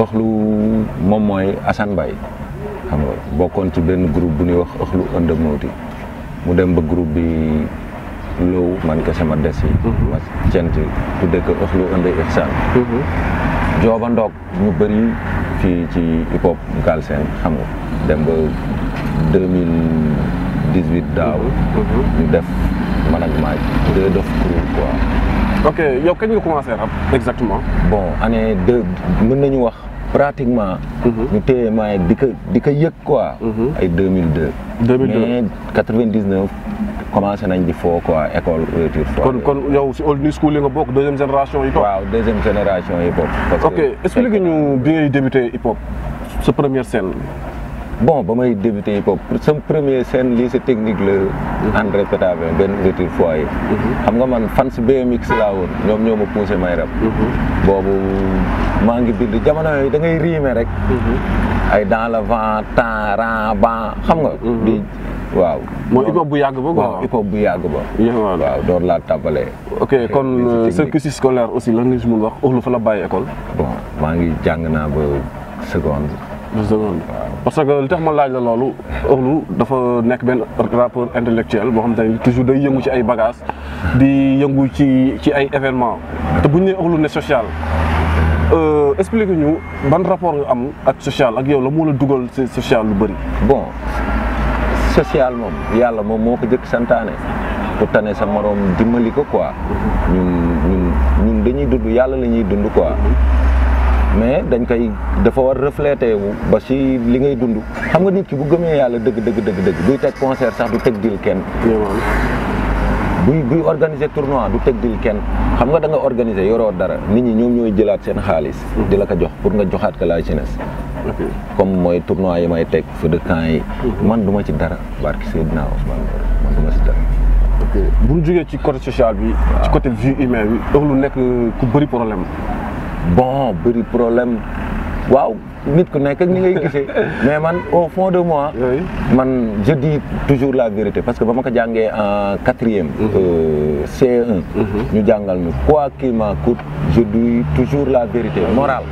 ëxlu moom mooy Assane Mbaye xam nga bokkoon ci benn groupe bu ñuy wax ëxlu ënd mawti mu dem ba groupe bi loow man kese ma des yi mhm. ma cent tudde ko ëxlu ënd ihsan mhm. jooba ndoog ñu bëri fii ci hip hop galsen xam nga dem ba 2018 daaw mhm. ñu def management deux def crew quoi ok yow kañ nga commencé rap exactement. bon année deux mën nañu wax pratiquement. Mhm. ñu téye maay di ko di ko yëg quoi. Mhm. ay deux mille deux. deux mille deux mais quatre vingt dix neuf commencé foo quoi école ouverture foo. kon kon yow si old new school yi nga bokk deuxième génération hip hop. waaw deuxième génération hip hop. parce que ok ñu bi ngay débuté hip hop sa première scène. bon ba may débuté hip hop sama premier scène lycée technique la André ben benn ouverture foyer mhm. xam nga man fans BMX laa woon ñoom ñoo ma poussé may rap mhm. boobu maa ngi bind jamono yooyu da ngay riime rek mhm. ay dans la vent temps ran ban xam nga di waaw mooy hip hop bu yàgg ba waaw hip yàgg ba waaw door laa tàmbalee ok kon sa euh, cursus scolaire aussi lan nga si mun wax lu fa la bàyyi école bon maa ngi jàng naa ba seconde 10 secondes parce que li tax ma laaj la loolu ëxlu dafa nekk benn rapport intellectuel boo xam toujours day ci ay di yang ci ci ay événements te bu ñu nee ëxlu ne social euh, explique ñu ban rapport am ak social ak yow la moo la dugal ci social lu bëri bon social moom yàlla moom moo ko jëkk santaane tane sa morom dimbali ko quoi ñun ñun ñun dañuy dund dund quoi mais dañ koy dafa war refléter wu ba si li ngay dund xam nga nit ki bu gëmee yàlla dëgg dëgg dëgg dëgg buy teg concert sax du teg dil kenn buy buy organiser tournoi du teg dil kenn xam nga da nga organiser yoroo dara nit ñi ñoom ñooy jëlaat seen xaalis mm-hmm. di la ko jox pour nga joxaat ko laa jeunesse comme mooy tournoi yi may teg feu de camp yi mm-hmm. man du ma ci dara barki Seydina Ousmane man du ma ci dara bu ñu jógee ci côté social bi ci côté vie humaine bi dox lu nekk ku bëri problème bon bëri problème waaw nit ku nekk ak ni ngay gisee mais man au fond de moi. man je toujours la vérité parce que ba ma ko jàngee en quatrième. Mhm. Euh, CE1. Mhm. ñu jàngal ñu quoi qu'il m'en coûte je dis toujours la vérité morale.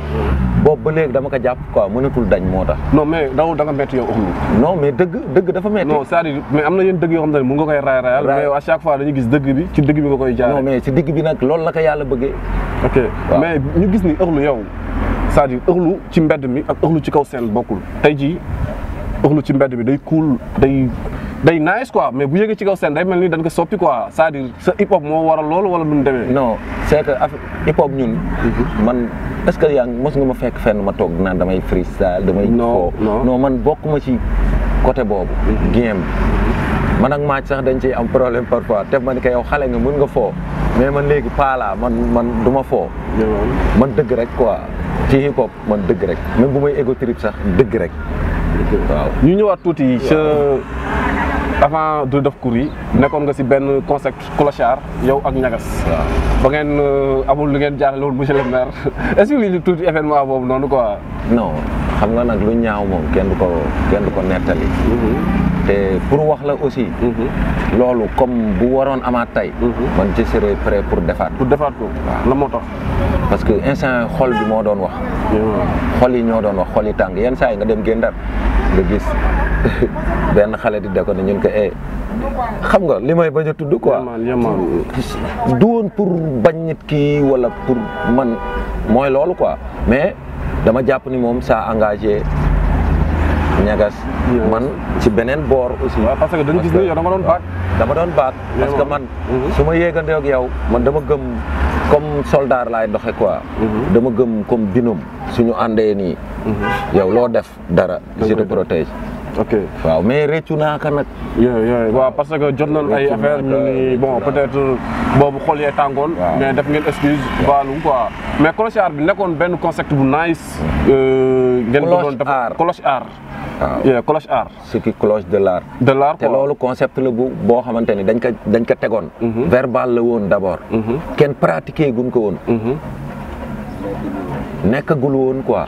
boobu ba léegi dama ko jàpp quoi mënatul dañ moo tax. no mais dawul da nga métti yow am non dëgg dëgg dafa métti. non c'est-à-dire mais am na yenn dëgg yoo xam ne mu nga koy raay raayal. mais fois dañuy gis dëgg bi ci dëgg bi nga koy jaaree. non mais bi nag loolu la ko yàlla bëggee. ok mais ñu gis ni ëxlu yow. c'est-à-dire ëxlu ci mbedd mi ak ëxlu ci kaw seen bokkul tey jii lu ci mbedd mi day cool day day nice quoi mais bu yëgee ci kaw seen day mel ni dañ ko soppi quoi cest à hip hop moo waral loolu wala nu mu demee. non c'est que hip hop ñun. Mhm. man est-ce que yaa mos nga ma fekk fenn ma toog naa damay freestyle damay. non non man bokk ma ci côté boobu. Mhm. game man ak maaj sax dañ ciy am problème parfois te man kay yow xale nga mën nga foo. mais man léegi paalaa man man du ma man dëgg rek quoi ci hip hop man dëgg rek même bu may égo trip sax dëgg rek waaw ñu ñëwaat tuuti avant du def cours yi nekkoon nga si benn concept clochard yow ak ñagas ba ngeen euh, amul lu ngeen jaarale woon monsieur le maire est ce que li tuuti événement boobu noonu quoi non xam nga nag lu ñaaw moom kenn du ko kenn du ko nettali mm-hmm. te pour wax la aussi mm-hmm. loolu comme bu waroon amaat tey mm-hmm. man ci serai prêt pour pour ko la tax parce que instant xol bi doon wax xol yi doon wax xol yi nga dem Guet nga gis benn xale di dako ne ñun ko eh xam nga li may bañ a tudd quoi du woon pour bañ nit ki wala pour man mooy loolu quoi mais dama jàpp ni mom sa engagé ñagas man ci beneen boor aussi parce que dañu gis ni yow dama doon baat dama doon baat parce que man mhm. su ma yéegandee ak yow man dama gëm comme soldat laay doxe quoi mhm. dama gëm comme binôme suñu àndee nii mhm. yow loo def dara je te protège ok waaw mais réccu naa ka nag yeah, yeah, waaw parce que jot nañ ay affaire ñu ni bon peut être boobu xol yee tàngoon mais def ngeen excuse balu quoi mais cloche art bi nekkoon benn concept bu nice ngeen ya. eh, ko doon def cloche art waaw cloche art ya. ya, ce qui cloche de l'art de l'art te loolu concept la bu boo xamante dañ ko dañ ko tegoon mhm. verbal la woon d' abord mhm. kenn pratiqué guñ ko woon mhm. nekkagul woon quoi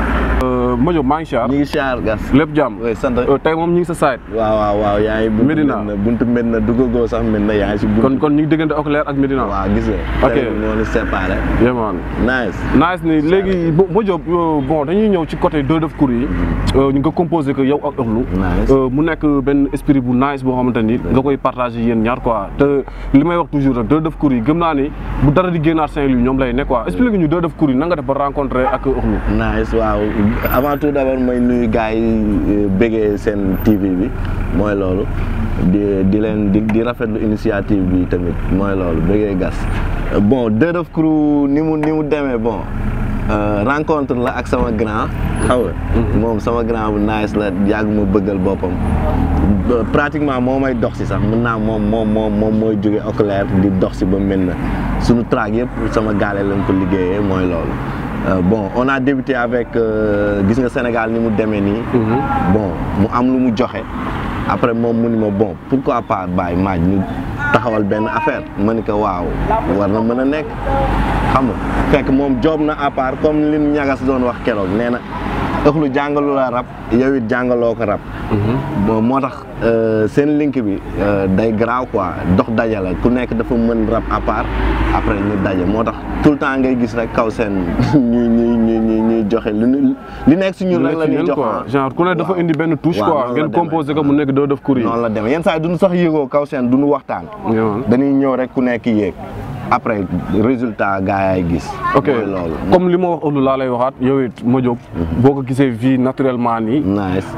Modou maa ngi siyaar ñu ngi siyaar gas lépp jàmm sant euh, moom ñu sa saayit waaw waaw waaw yaa ngi Médina buntu Médina kon kon ñu ngi diggante Oclair ak Médina waaw gis nga ok ñoo ñu séparé yémaan nice nice ni léegi Modou euh, bon dañuy ñëw ci côté deux def cours yi euh, ñu nga composé que yow ak Euhlou mu nekk benn esprit bu nice boo xamante ni nga koy partagé yéen ñaar quoi te li may wax toujours rek deux def cours yi gëm naa ni bu dara di génnaat saint ñoom lay nekk quoi explique ñu deux def cours na nga def ba rencontré ak Euhlou avant tout d'abord may nuyu gaay yi eh, bëggee TV bi mooy loolu di di leen di di rafetlu initiative bi tamit mooy loolu bëggee gas bon Dead of Crew ni mu ni mu demee bon euh, rencontre la ak sama grand xaw mm-hmm. moom sama grand bu nice la yàgg ma bëggal boppam pratiquement moo may dox si sax mën naa moom moom moom moom mooy jóge oculaire di dox si ba mel na suñu track yëpp sama gaale lañ ko liggéeyee mooy loolu Euh, bon on a débuté avec euh, gis nga Sénégal ni mu demee nii. Mhm. bon mu am lu mu joxé. après mon mu bon pourquoi pas bay maj ñu taxawal ben affaire ma ni ko waaw war na mën a nekk xam nga fekk na à part comme li ñagas doon wax keroog Néna ëxlu jàngalu la rab yow jàngaloo ko rab mhm. moo tax euh, seen link bi euh, day garaaw quoi dox daje la ku nekk dafa mën rab à part après ñu daje moo tax tout le temps ngay gis rek kaw seen ñuy ñuy ñu ñu ñuy joxe lu li nekk si ñun rek la ñuy joxe genre ku ne dafa indi benn touche quoi ngeen composé ko mu nekk doo def courrier la demee yenn saa yi duñu sax yëgoo kaw seen duñu waxtaan dañuy ñëw rek ku nekk yéeg après résultat gars yaay gis. ok loolu comme li ma wax ëllëg laa lay waxaat yow it ma jóg. boo ko gisee vie naturellement nii.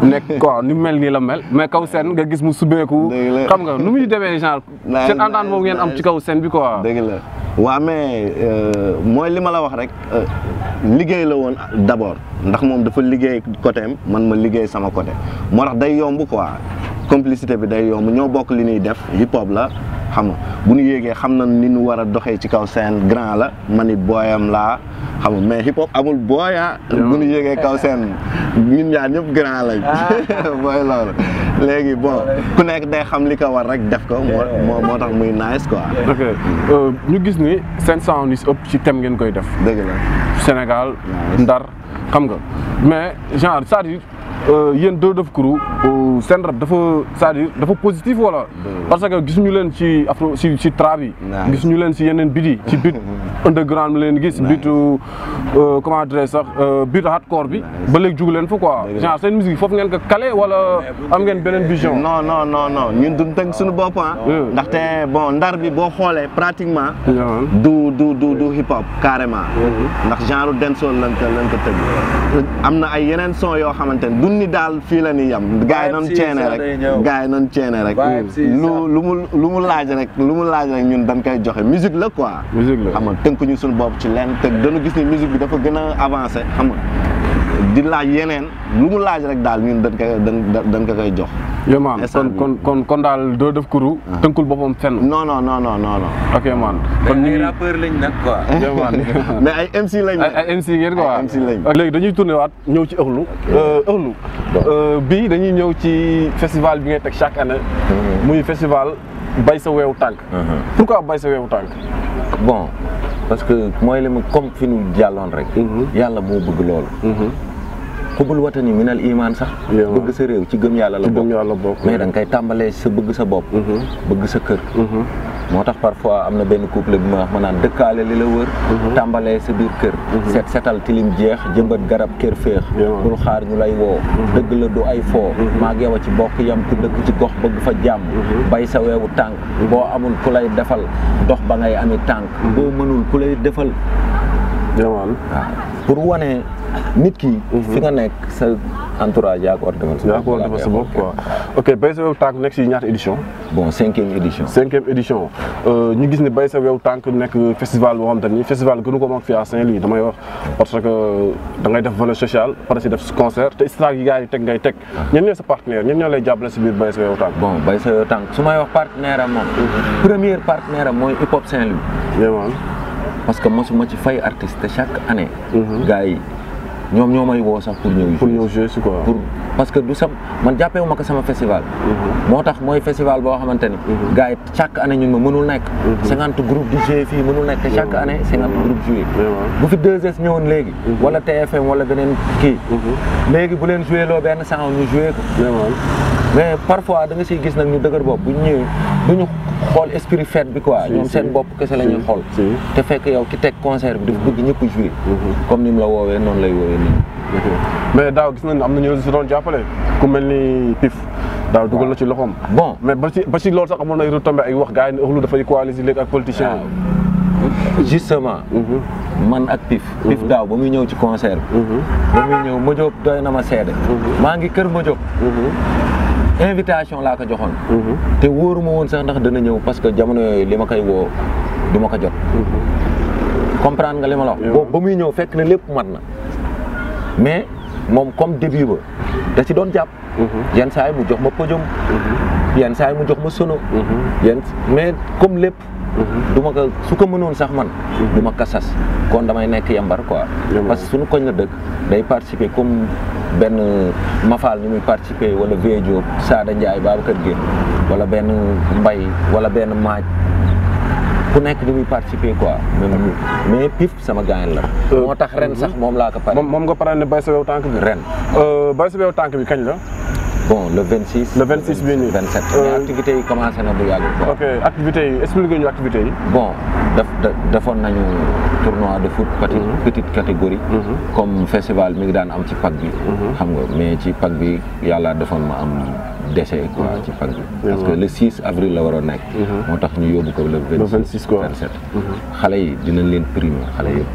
nekk quoi ni mel nii la mel mais kaw seen nga gis mu subeeku. xam nga nu muy demee genre. seen entente boobu ngeen am ci kaw seen bi quoi. dëgg la waaw mais euh, mooy li ma la wax rek euh, liggéey la woon d'abord ndax moom dafa liggéey côté am man ma liggéey sama côté moo tax day yomb quoi complicité bi day yomb ñoo bokk li ñuy def hip hop la. xam nga bu nu yéegee xam na ni ñu war a doxee ci kaw seen grand la ma ni booyam laa xam nga mais hip hop amul booya bu nu yéegee kaw seen ñun ñaar ñëpp grand lañ booy ah. loolu léegi bo ku nekk day xam li ko war rek def ko moo moo tax muy nice ko ok euh, ñu gis ni seen sound is ëpp ci thème ngeen koy def dëgg la Sénégal Ndar xam nga mais genre cest à Euh, yéen deux Dof Crew euh, seen rap dafa c'est-à-dire dafa positif wala. Hmm. parce que gisuñu leen si afro ci ci trap yi. gisuñu leen si yeneen bit yi ci bit underground leen gis. bitu euh, comment dirais sax bitu hardcore bi. ba léegi jugu leen fa quoi. genre seen foofu ngeen ko kale wala am ngeen beneen vision. non non non non ñun duñ tënk suñu bopp ah. te bon ndar bi boo xoolee pratiquement. du du du du hip hop carrément. Mm-hmm. ndax genre dancehall lañ ko lañ ko tëgg. am na ay yeneen son yoo xamante ñun ni daal fii la ni yam gars yi nan ceene rek gars yi nan ceene rek lu lu mu lu mu laaj rek lu mu laaj rek ñun dañ koy joxe musique la quoi musique la xam nga tënk ñu suñu bop ci lenn te dañu gis ni musique bi dafa gën a avancé xam di laaj yeneen lu mu laaj rek daal ñun dañ koy dañ ko koy jox. yo maan kon kon kon daal doo def kuru. Ah. tënkul boppam fenn. non non non non non. ok man kon ñu ngi ay rappeur lañ nag quoi. yo maan mais ay MC lañ. ay MC ngeen quoi ay MC lañ. léegi dañuy tourné waat ñëw ci ëxlu. Euh, ëxlu euh, bii dañuy ñëw ci festival bi ngay teg chaque année. Mhm. muy festival bay sa weewu tànk. Mhm. pourquoi bay sa weewu tànk. bon parce que mooy li ma comme fi ñu jàlloon rek. Mhm. yàlla moo bëgg loolu. xubul watani minal iman sax bëgg sa réew ci gëm yàlla la bokk mais da nga koy tàmbalee sa bëgg sa bopp mm-hmm. bëgg sa kër mm-hmm. moo tax parfois am na benn couple bi ma wax ma naan dëkkaale li la wër mm-hmm. tàmbalee sa biir kër set setal tilim jeex jëmbat garab kër féex bul xaar ñu lay woo dëgg la du ay foo maag yow a ci bokk yam ku dëkk ci gox bëgg fa jàmm bay sa weewu tànk boo amul ku lay defal dox ba ngay ami tànk boo mënul ku lay defal pour wane nit ki. Mhm. fi nga nekk sa entourage yaa ko war defal. sa bopp quoi ok bay sa wew tànk nekk si ñaata édition. bon cinquième édition. cinquième édition euh, ñu gis ne bay sa wew tànk nekk festival boo xam te ni festival gënu ko mag fii Saint-Louis damay wax parce que euh, da ngay def volet social pare si def concert te stratégie yi teg ngay teg. ñen ñoo sa partenaire ñen ñoo lay jàppale si biir bay sa wew tànk. bon bay sa wew tànk su may wax partenaire am moom. Mhm. premier partenaire mooy hip hop Saint-Louis. vraiment. parce que ci fay artiste chaque année. Mhm. gars yi. ñoom ñoo may woo sax pour ñëw. pour ñëw jouer si quoi. pour parce que du sam man jàppeewu ma ko sama festival. Mhm. moo tax mooy festival boo xamante ni. Mhm. gars yi chaque année ñun ma mënul nekk. 50 mhm. groupes di jouer fii mënul nekk te chaque année 50 groupes jouer. bu fi 2S ñëwoon léegi. wala TFM wala beneen kii. léegi bu leen jouer loo benn sang ñu jouer ko. mais parfois da nga siy gis nag ñu dëgër boobu bu ñu ñëwee du xool esprit fête bi quoi ñoom seen bopp kese la ñuy te fekk yow ki teg concert bi dafa ñëpp jouer mhm. comme ni mu la woowee noonu lay woowee nii mais daaw gis nañ am na ñu si doon jàppale ku mel ni pif daaw dugal na ci loxoom bon mais ba ci ba ci loolu sax amoon ay retombé ay wax gaa yi ne ëxlu dafay coaliser léegi ak politicien justement mhm. man ak pif mhm. pif daaw ba muy ñëw ci concert bi ba muy ñëw Madiop doy na ma seede maa ngi kër Madiop invitation laa ko joxoon. Mhm. te wóoruma woon sax ndax dana ñëw parce que jamono yooyu li ma koy woo du ma ko jot. Mhm. comprendre nga li la wax. boobu ba muy ñëw fekk na lépp mat na mais moom comme début ba da ci doon jàpp. Mhm. yenn saa yi mu jox ma podium. yenn saa mu jox ma sono. yenn mais comme lépp. Mm-hmm. du ma ko su ko mënoon sax man mm-hmm. du ma kasas kon damay nekk yambar quoi parce que suñu koñ la dëkk day participer comme benn mafaal ni muy participer wala Vieux Diop Saada Ndiaye Babacar Guèye wala benn mbay wala benn maaj ku nekk ni muy participer quoi mm-hmm. mais pif sama gaañ la euh, moo tax ren sax moom laa ko pare moom nga pare ne bay sa wew tànk bi ren bay sa wew tànk bi kañ la bon le 26. le 26 bii nii 27 euh, mais activités yi commencé na bu yàgg quoi. ok activités yi expliqué ñu activités yi. bon daf defoon nañu tournoi de foot. petite mhm. petite catégorie. Mhm. comme festival mi ngi daan am ci pag bi. Mhm. xam nga mais ci pag bi yàlla defoon ma am décès quoi ci pag bi. parce que le 6 avril la waroon nekk. moo tax ñu yóbbu ko le. le 26 quoi 27. xale yi dina leen primer xale yi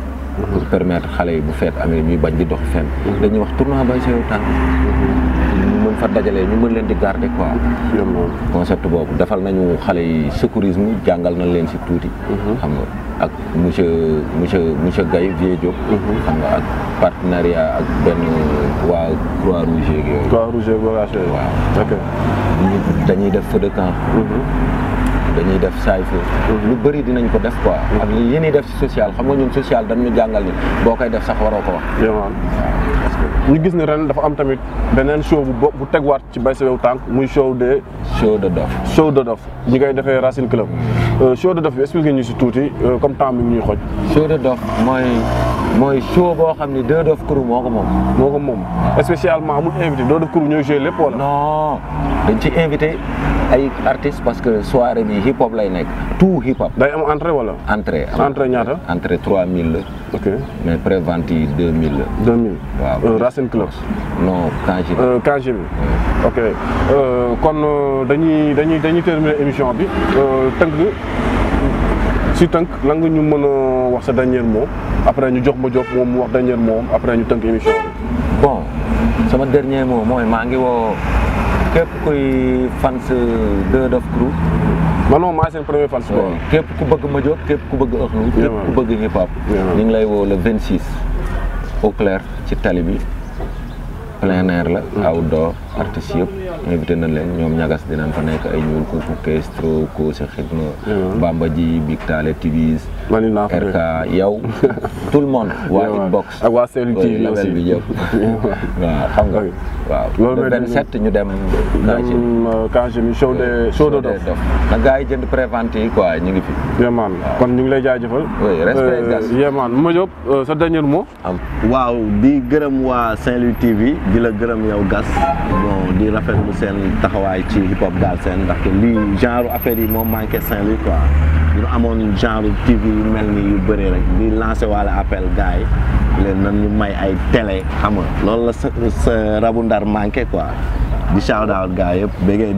pour permettre xale yi bu feet amee ñuy bañ di dox fenn. dañuy wax tournoi bay sa yow fa dajalee ñu mën leen di garder quoi. concept boobu defal nañu xale yi secourisme jàngal nañ leen si tuuti. Mhm. xam nga ak monsieur monsieur monsieur Gaye Vieux Diop. Mhm. xam nga ak partenariat ak benn waa Croix Rouge yeeg yooyu. Croix dañuy def feu de camp. Mhm. dañuy def saay fi lu bëri dinañ ko def quoi ak li yéen def si social xam nga ñun social dañu jàngal ni boo koy def sax waroo ko wax ñu gis ni ren dafa am tamit beneen show bu bu waat ci bay sawew tànk muy show de. show de dof show de dof ñi koy defee Racine Club euh, show de dof bi expliqué ñu si tuuti euh, comme temps bi ñuy xoj. show de dof mooy. mooy show bo xamni ni deux dof crew moko mom moko mom spécialement mu invité deux dof crew ñooy jouer lépp wala. non dañ ci invité ay artistes parce que soirée ni hip hop lay nek tout hip hop. day am entrée wala. entrée entrée ñaata. entrée 3000 ok mais prévente yi 2000 2000 waaw euh, Racine Club. non Kangé. Kangé bi ok euh kon euh, dañuy dañuy dañuy terminer émission bi euh tënk. si tank lan nga ñu mën a wax sa dernier mot après ñu jox ma jox moom mu wax dernier mot après ñu tënk émission bon sama dernier mot mooy maa ngi woo képp kuy fans de Dof Crew. man moom maa seen premier fan. waaw képp ku bëgg ma jóg képp ku bëgg ëxlu. képp ku bëgg hip hop. ñu ngi lay woo le 26. au clair ci tali bi plein air la. Mm. outdoor artistes yëpp. invité nañ leen ñoom ñagas dinañ fa nekk ay ñuul kooku Kestro ko si xidma Bamba ji Big Taale Tibis RK yow tout le monde waa Hitbox ak waa Saint-Louis bi yëpp waaw xam nga waaw loolu benn set ñu dem Kangé mi euh, euh, show de show de dof na gars yi jënd prévente yi ñu ngi fi yéemaan kon ñu ngi lay jaajëfal euh, yéemaan ma Diop sa dernier mot waaw di gërëm waa Saint-Louis TV di la gërëm yow gas bon di rafet rafetlu seen taxawaay ci hip hop Galsen ndaxte lii genre affaire yi moo manqué Saint-Louis quoi yu mel ni yu bëree rek di lancé walla appel gars yi leen ñu may ay télé xam loolu la sa rabu ndar manqué quoi di shout out gars yëpp bëggee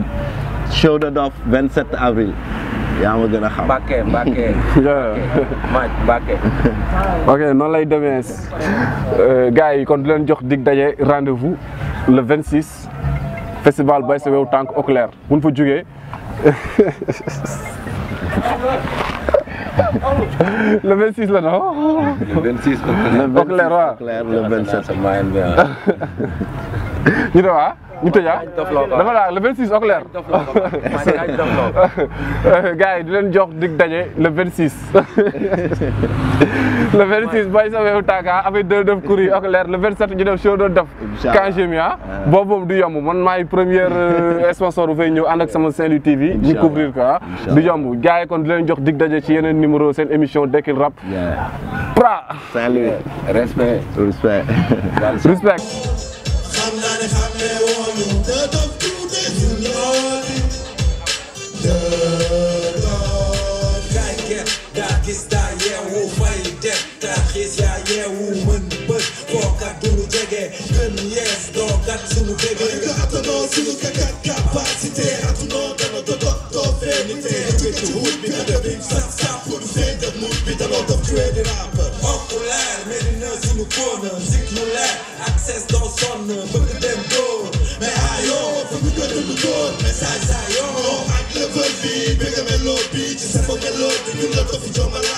de dof 27 avril yaa ma lay demee euh, gars kon leen jox dig daje rendez-vous festival bay sa wew tank au clair buñ fa jugé le 26 là, non. le 26 au clair le 27 maa ñu ne waa ah? ñu tëj ah dama la le 26 au clair gars yi di leen jox dig daje le 26 le 26 bàyyi sa weewu tàgga ah? avec deux def courrier au clair le 27 ñu def show doon def quand j'ai mis ah boobu moom du yomb man maay première euh, sponsor bu fay ñëw ànd ak sama Saint-Louis TV ñu couvrir ko ah du yomb gars yi kon di leen jox dig daje ci yeneen numéro seen émission Dekkil Rap pra Saint-Louis respect respect respect dattimo bebe i lokonen Cyklolär, access dans sonen Både den går